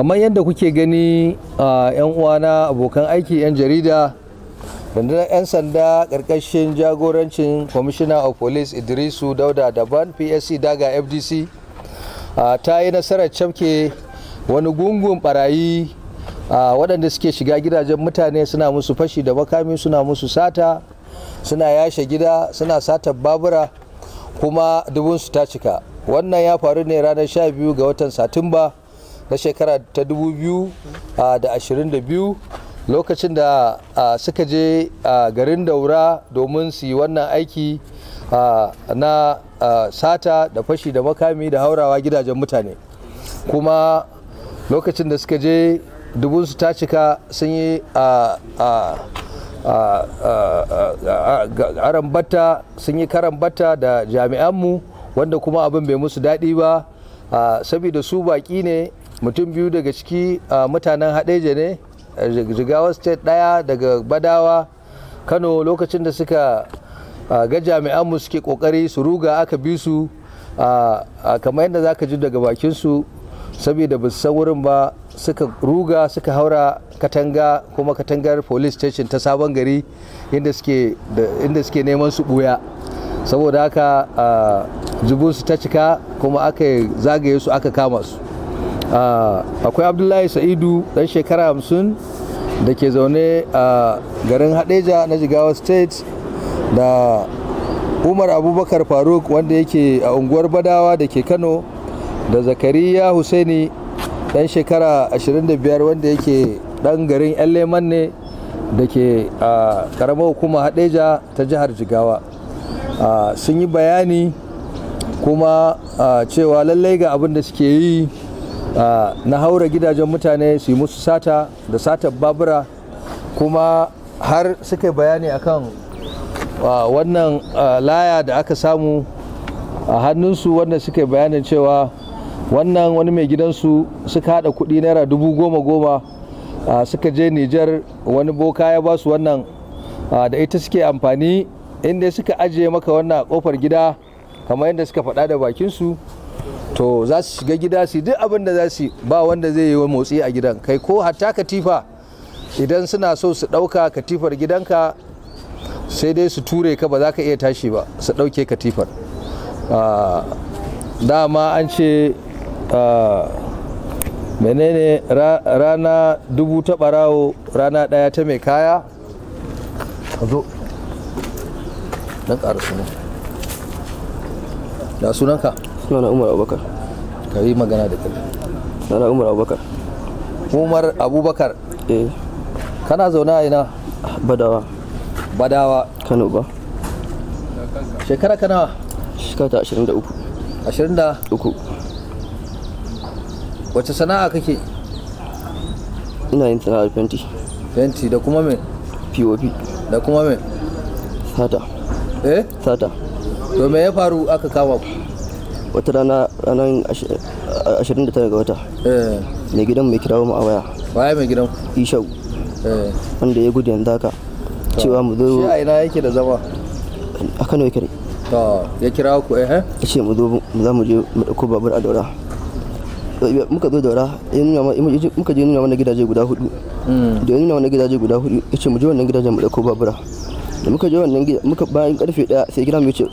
kamar yadda kuke gani a 'yan uwana abokan aiki 'yan jarida rundunar 'yan sanda karkashin jagorancin commissioner of police idrisu dauda daban psc daga fdc ta yi nasarar camke wani gungun barayi waɗanda suke shiga gidajen mutane suna musu fashi da makami suna musu sata suna yashe gida suna satar babura kuma dubunsu ta cika wannan ya faru ne ranar 12 ga watan satumba na shekara ta 2022 lokacin da suka je garin daura domin su yi wannan aiki na sata da fashi da makami da haurawa gidajen mutane kuma lokacin da suka je dubunsu ta cika sun yi arambata sun yi karambata da jami'anmu wanda kuma abin bai musu daɗi ba saboda su baƙi ne mutum biyu daga ciki mutanen haɗeja ne jigawa state ɗaya daga badawa kano lokacin da suka ga jami'an mu suke kokari su ruga aka bi su kamar yadda za ka ji daga bakinsu saboda ba san wurin ba suka ruga suka haura katanga kuma katangar police station ta sabon gari inda suke neman su buya saboda haka jibinsu ta cika kuma aka zagaye su aka kama su akwai abdullahi sa'idu dan shekara hamsin da ke zaune a garin hadeja na jigawa state da umar abubakar faruk wanda yake a unguwar badawa da ke kano da zakariya husaini dan shekara 25 wanda yake dan garin yan leman ne da ke a karamar hukumar hadeja ta jihar jigawa sun yi bayani kuma cewa lallai ga abin da suke yi na haura gidajen mutane su yi musu sata da satar babura kuma har suka yi bayani akan wannan laya da aka samu a hannunsu wanda suka yi bayanin cewa wannan wani mai gidansu suka haɗa kuɗi naira dubu goma goma suka je nijar wani boka ya ba su wannan da ita suke amfani inda suka ajiye maka wannan a kofar gida kamar yadda suka faɗa da bakinsu to za su shiga gida su duk abin da za su ba wanda zai yi motsi a gidan kai ko hatta katifa idan suna so su ɗauka katifar gidanka sai dai su ture ka ba za ka iya tashi ba su ɗauke katifar ah, dama an ce ah, menene rana dubu ta ɓarawo rana ɗaya ta mai kaya zo ƙara da sunana umar abubakar ka yi magana da kai sunana umar abubakar umar abubakar eh kana zaune a ina badawa badawa kano ba shekara kana shekara ta 23 23 wace sana'a kake ina yin sana'ar fenti fenti da kuma me pop da kuma me sata eh sata to me ya faru aka kama ku wata rana ranar 29 ga wata eh. mai gidan mai kirawo mu a waya waya mai gidan ishau eh. wanda ya gudu yanzu haka cewa mu zo shi a ina yake da zama a kano yake to ya kira ku eh ya ce mu zo mu za mu je mu dauko babur a daura muka zo daura ya nuna ma muka je nuna mana gidaje guda hudu mm. da ya nuna mana gidaje guda hudu ya ce mu je wannan gidajen mu ko babura da muka je wannan gida muka bayan karfe daya sai kira mai ce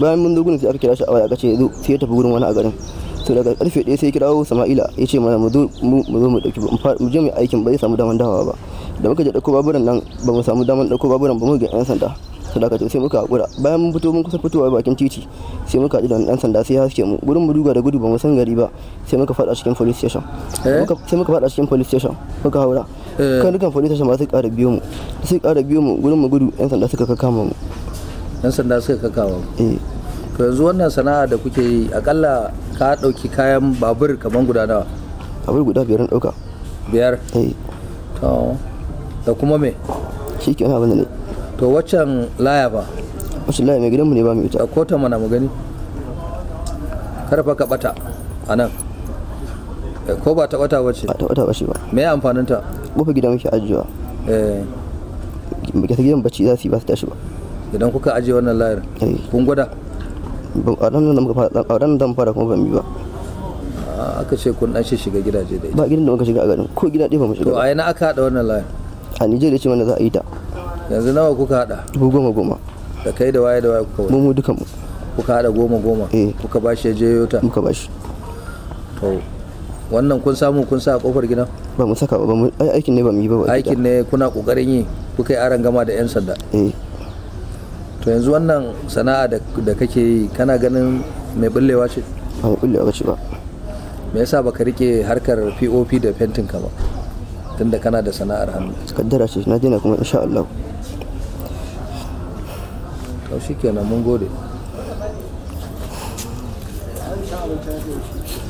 bayan mun zo sai aka kira shi a waya kace ce zo sai ya tafi gurin wani a garin to daga karfe daya sai kirawo Sama'ila ya ce mana mu zo mu zo mu dauki mu je mu aikin ba zai samu daman dawowa ba da muka je dauko baburan nan ba mu samu daman dauko baburan ba mu ga yan sanda to daga sai muka hakura bayan mun fito mun kusa fitowa bakin titi sai muka ji da dan sanda sai haske mu gurin mu duga da gudu ba mu san gari ba sai muka fada cikin police station eh? sai muka fada cikin police station muka haura Eh. kanukan police station ta su ƙara biyo mu sai ƙara biyo mu gurin mu gudu yan sanda suka kakama mu yan sanda suka kakama mu. Eh. to yanzu wannan sana'a da kuke yi akalla ka dauki kayan babur kamar guda nawa babur guda biyar na dauka biyar eh. to da kuma me shi ke wani ne to waccan laya ba waccan laya mai gidanmu ne ba mu ita a ta mana mu gani karfa ka bata nan. ko ba ta bata ce. ba ta bata ce ba me amfanin ta kofa gida muke ajiyewa eh gidan bacci za su yi ba su tashi ba idan kuka ajiye wannan layar eh. kun gwada a ranar da fara kuma ban bi ba ah, aka ce kun dan shiga gidaje da ba gidan da muka shiga a garin ko gida ɗaya ba mu shiga to a yana aka haɗa wannan layar a Nijar ce wanda za a yi ta yanzu nawa kuka haɗa dubu goma goma da kai da waye da waye kuka mu mu duka mu kuka haɗa goma goma eh. kuka bashi ya je yota muka bashi to wannan kun samu kun sa a kofar gidan ba mu saka ba aikin ne ba mu yi ba aikin ne kuna kokarin yi kuka yi aran gama da yan sanda eh. to yanzu wannan sana'a da kake yi kana ganin mai bullewa ce ba mai bullewa ce ba me yasa baka rike harkar POP da fentin ka ba tunda kana da sana'ar hannu kaddara ce na dina kuma insha Allah to shikenan mun gode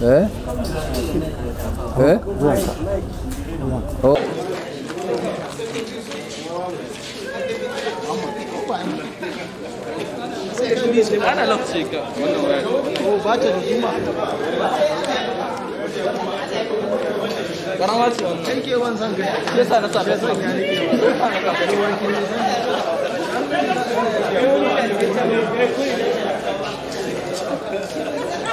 네? 네? 어? أنا لطيك وباتر جمع كرامات تنكي وان سانك يس أنا صار يس أنا